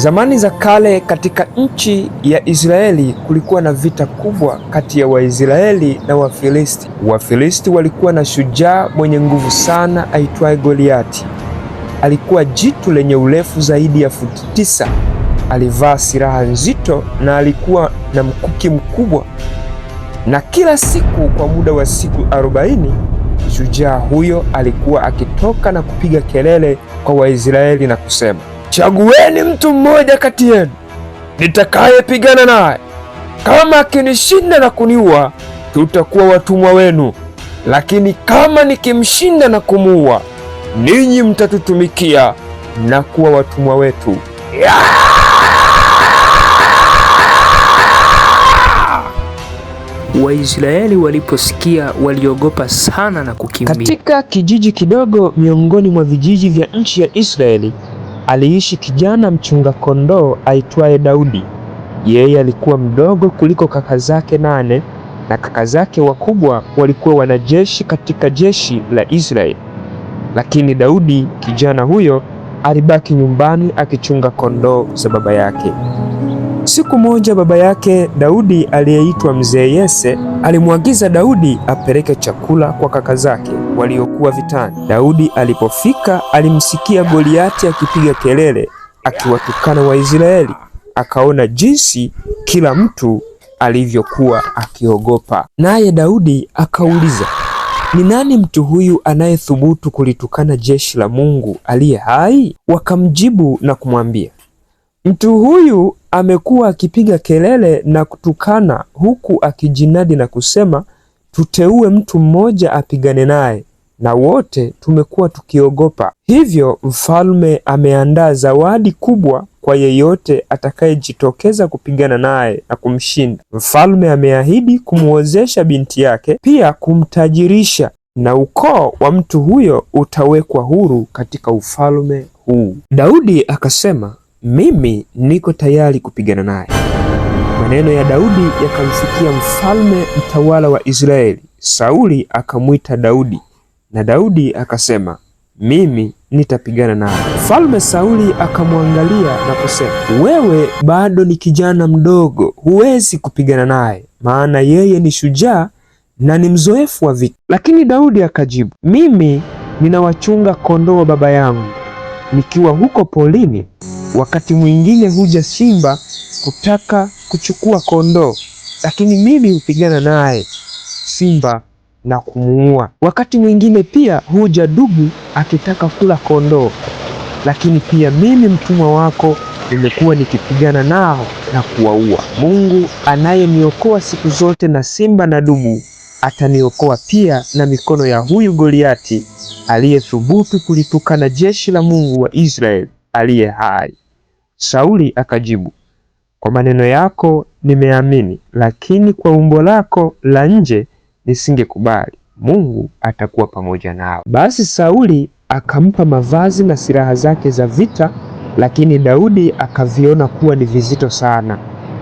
Zamani za kale katika nchi ya Israeli kulikuwa na vita kubwa kati ya Waisraeli na Wafilisti. Wafilisti walikuwa na shujaa mwenye nguvu sana aitwaye Goliati. Alikuwa jitu lenye urefu zaidi ya futi tisa. Alivaa silaha nzito na alikuwa na mkuki mkubwa. Na kila siku kwa muda wa siku arobaini, shujaa huyo alikuwa akitoka na kupiga kelele kwa Waisraeli na kusema chagueni mtu mmoja kati yenu nitakayepigana naye. Kama akinishinda na kuniua, tutakuwa watumwa wenu, lakini kama nikimshinda na kumuua, ninyi mtatutumikia na kuwa watumwa wetu. Waisraeli waliposikia waliogopa sana na kukimbia. Katika kijiji kidogo miongoni mwa vijiji vya nchi ya Israeli aliishi kijana mchunga kondoo aitwaye Daudi. Yeye alikuwa mdogo kuliko kaka zake nane, na kaka zake wakubwa walikuwa wanajeshi katika jeshi la Israeli. Lakini Daudi kijana huyo alibaki nyumbani akichunga kondoo za baba yake. Siku moja baba yake Daudi aliyeitwa mzee Yese alimwagiza Daudi apeleke chakula kwa kaka zake waliokuwa vitani. Daudi alipofika alimsikia Goliati akipiga kelele akiwatukana Waisraeli, akaona jinsi kila mtu alivyokuwa akiogopa. Naye Daudi akauliza, ni nani mtu huyu anayethubutu kulitukana jeshi la Mungu aliye hai? Wakamjibu na kumwambia, mtu huyu amekuwa akipiga kelele na kutukana, huku akijinadi na kusema tuteue mtu mmoja apigane naye, na wote tumekuwa tukiogopa. Hivyo mfalme ameandaa zawadi kubwa kwa yeyote atakayejitokeza kupigana naye na kumshinda. Mfalme ameahidi kumwozesha binti yake, pia kumtajirisha, na ukoo wa mtu huyo utawekwa huru katika ufalme huu. Daudi akasema, mimi niko tayari kupigana naye maneno ya Daudi yakamfikia mfalme mtawala wa Israeli. Sauli akamwita Daudi, na Daudi akasema, mimi nitapigana naye. Mfalme Sauli akamwangalia na kusema, wewe bado ni kijana mdogo, huwezi kupigana naye, maana yeye ni shujaa na ni mzoefu wa vita. Lakini Daudi akajibu, mimi ninawachunga kondoo wa baba yangu, nikiwa huko polini, wakati mwingine huja simba kutaka kuchukua kondoo, lakini mimi hupigana naye simba na kumuua. Wakati mwingine pia huja dubu akitaka kula kondoo, lakini pia mimi mtumwa wako nimekuwa nikipigana nao na kuwaua. Mungu anayeniokoa siku zote na simba na dubu ataniokoa pia na mikono ya huyu Goliati aliyethubutu kulitukana jeshi la Mungu wa Israeli aliye hai. Sauli akajibu, kwa maneno yako nimeamini, lakini kwa umbo lako la nje nisingekubali. Mungu atakuwa pamoja nao. Basi Sauli akampa mavazi na silaha zake za vita, lakini Daudi akaviona kuwa ni vizito sana,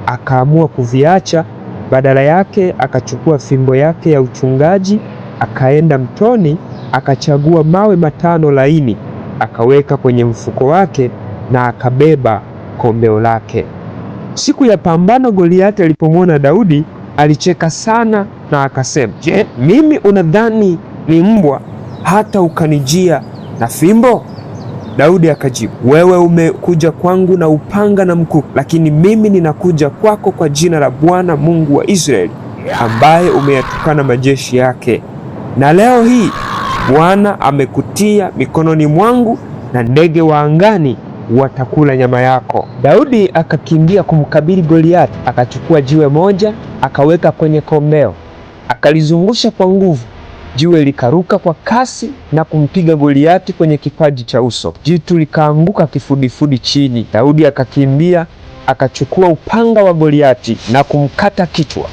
akaamua kuviacha. Badala yake akachukua fimbo yake ya uchungaji, akaenda mtoni, akachagua mawe matano laini, akaweka kwenye mfuko wake na akabeba kombeo lake. Siku ya pambano, Goliati alipomwona Daudi alicheka sana na akasema, je, mimi unadhani ni mbwa hata ukanijia na fimbo? Daudi akajibu, wewe umekuja kwangu na upanga na mkuki, lakini mimi ninakuja kwako kwa jina la Bwana Mungu wa Israeli ambaye umeyatukana majeshi yake, na leo hii Bwana amekutia mikononi mwangu na ndege wa angani watakula nyama yako. Daudi akakimbia kumkabili goliati akachukua jiwe moja akaweka kwenye kombeo, akalizungusha kwa nguvu. Jiwe likaruka kwa kasi na kumpiga goliati kwenye kipaji cha uso. Jitu likaanguka kifudifudi chini. Daudi akakimbia akachukua upanga wa goliati na kumkata kichwa.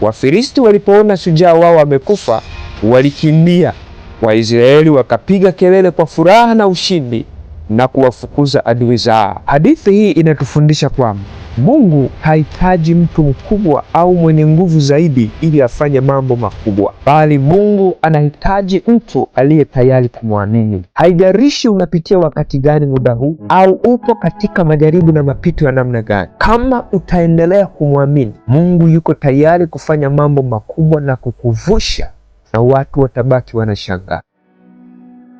Wafilisti walipoona shujaa wao wamekufa, walikimbia. Waisraeli wakapiga kelele kwa furaha na ushindi na kuwafukuza adui zao. Hadithi hii inatufundisha kwamba Mungu hahitaji mtu mkubwa au mwenye nguvu zaidi ili afanye mambo makubwa, bali Mungu anahitaji mtu aliye tayari kumwamini. haijarishi unapitia wakati gani muda huu au upo katika majaribu na mapito ya namna gani, kama utaendelea kumwamini Mungu, yuko tayari kufanya mambo makubwa na kukuvusha, na watu watabaki wanashangaa.